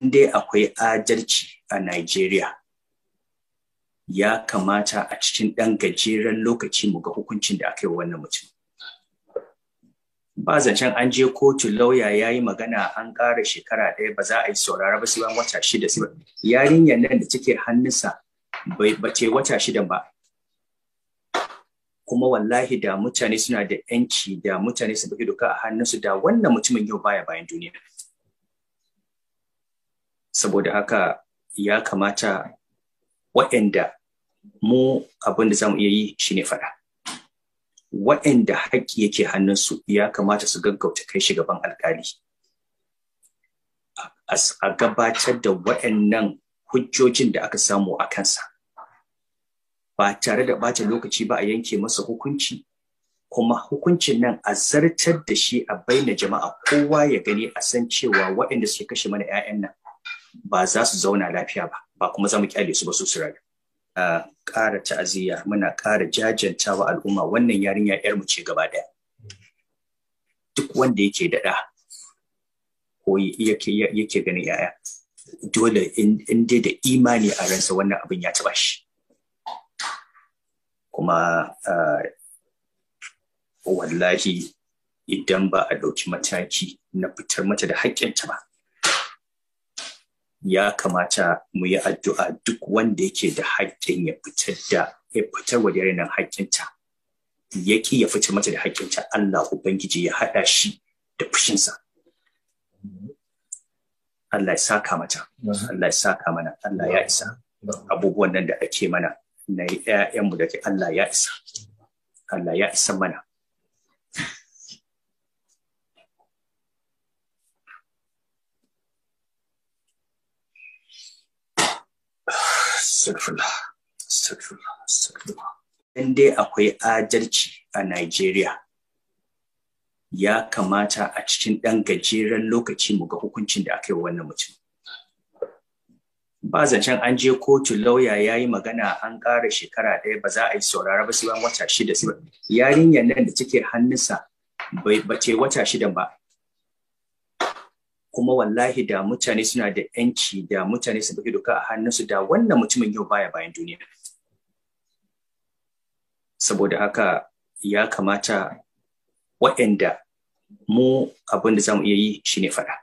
dai akwai adalci a Najeriya, ya kamata a cikin ɗan gajeren lokaci mu ga hukuncin da aka yi wannan mutum. Ba zancen an je kotu lauya ya yi magana an ƙara shekara ɗaya ba za a yi saurara ba sai wata shida sai yarinyar nan da take hannunsa ba ce wata shida ba. Kuma wallahi da mutane suna da ‘yanci da mutane su doka a hannunsu da wannan mutumin yau baya bayan duniya. saboda haka ya kamata waɗanda mu abin da zamu iya yi ne faɗa waɗanda haƙƙi yake hannunsu ya kamata su gaggauta kai shi gaban alkali a gabatar da waɗannan hujjojin da aka samu a kansa ba tare da ɓata lokaci ba a yanke masa hukunci kuma hukuncin nan a zartar da shi a baina jama'a kowa ya gani a san cewa waɗanda suke kashe mana 'ya'yan nan ba za su zauna lafiya ba ba kuma za mu kyale su ba su su a ƙara ta'aziyya muna ƙara wa al'umma wannan yarinya yar mu ce gaba ɗaya duk wanda yake daɗa, ɗa ko yake ganin yaya dole in dai da imani a ransa wannan abin ya taɓa shi kuma wallahi idan ba a ɗauki mataki na fitar mata da haƙƙinta ba ya kamata mu yi addu'a duk wanda yake da haƙƙin ya fitar da ya fitar wa yarinan haƙƙinta ya ƙi ya fitar mata da haƙƙinta Allah ubangiji ya haɗa shi da fushinsa Allah ya saka mata Allah ya saka mana Allah ya isa abubuwan nan da ake mana na ƴaƴanmu da ke Allah ya isa Allah ya isa mana Astagfirullah, dai akwai adalci a Najeriya, ya kamata a cikin ɗan gajeren lokaci mu ga hukuncin da aka yi wannan mutum. Ba zancen an je kotu lauya ya yi magana an ƙara shekara ɗaya ba za a yi saurara ba sai wata shida. Yarinyar nan da take hannunsa ba ce wata shida ba kuma wallahi da mutane suna da yanci da mutane su baki doka a hannunsu da wannan mutumin yau baya bayan duniya saboda haka ya kamata waɗanda mu abin da za mu iya yi shine faɗa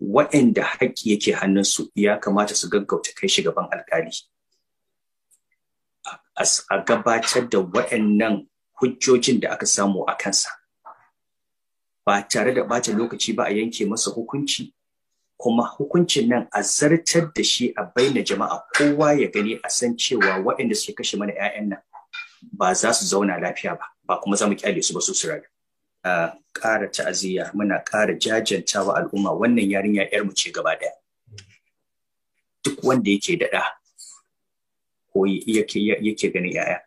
waɗanda haƙƙi yake hannunsu ya kamata su gaggauta kai shugaban gaban alƙali a gabatar da waɗannan hujjojin da aka samu a kansa ba tare da ɓata lokaci ba a yanke masa hukunci kuma hukuncin nan a zartar da shi a baina jama'a kowa ya gani a san cewa waɗanda suke kashe mana 'ya'yan nan ba za su zauna lafiya ba ba kuma za mu kyale su ba su rayu a ƙara ta'aziyya muna ƙara jajantawa al'umma wannan yarinya 'yar mu ce gaba ɗaya duk wanda yake da ɗa ko yake ganin 'ya'ya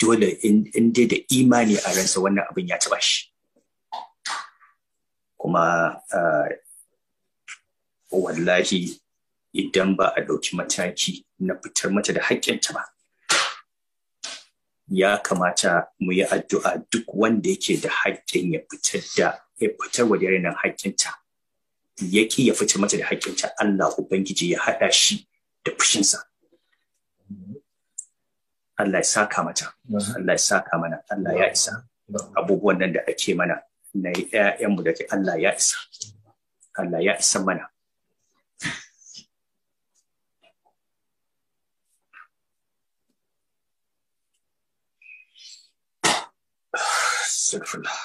dole in dai da imani a ransa wannan abin ya taɓa shi kuma ah, wallahi idan ba a ɗauki mataki na fitar mata da haƙƙinta ba ya kamata mu yi addu'a duk wanda yake da haƙƙin ya fitar da ya fitar wa nan haƙƙinta ya ya fitar mata da haƙƙinta Allah Ubangiji ya haɗa shi da fushinsa Allah ya saka mata Allah ya saka mana Allah ya isa abubuwan nan da ake mana na ‘ya'yanmu da Allah ya isa, Allah ya isa mana. Sufula.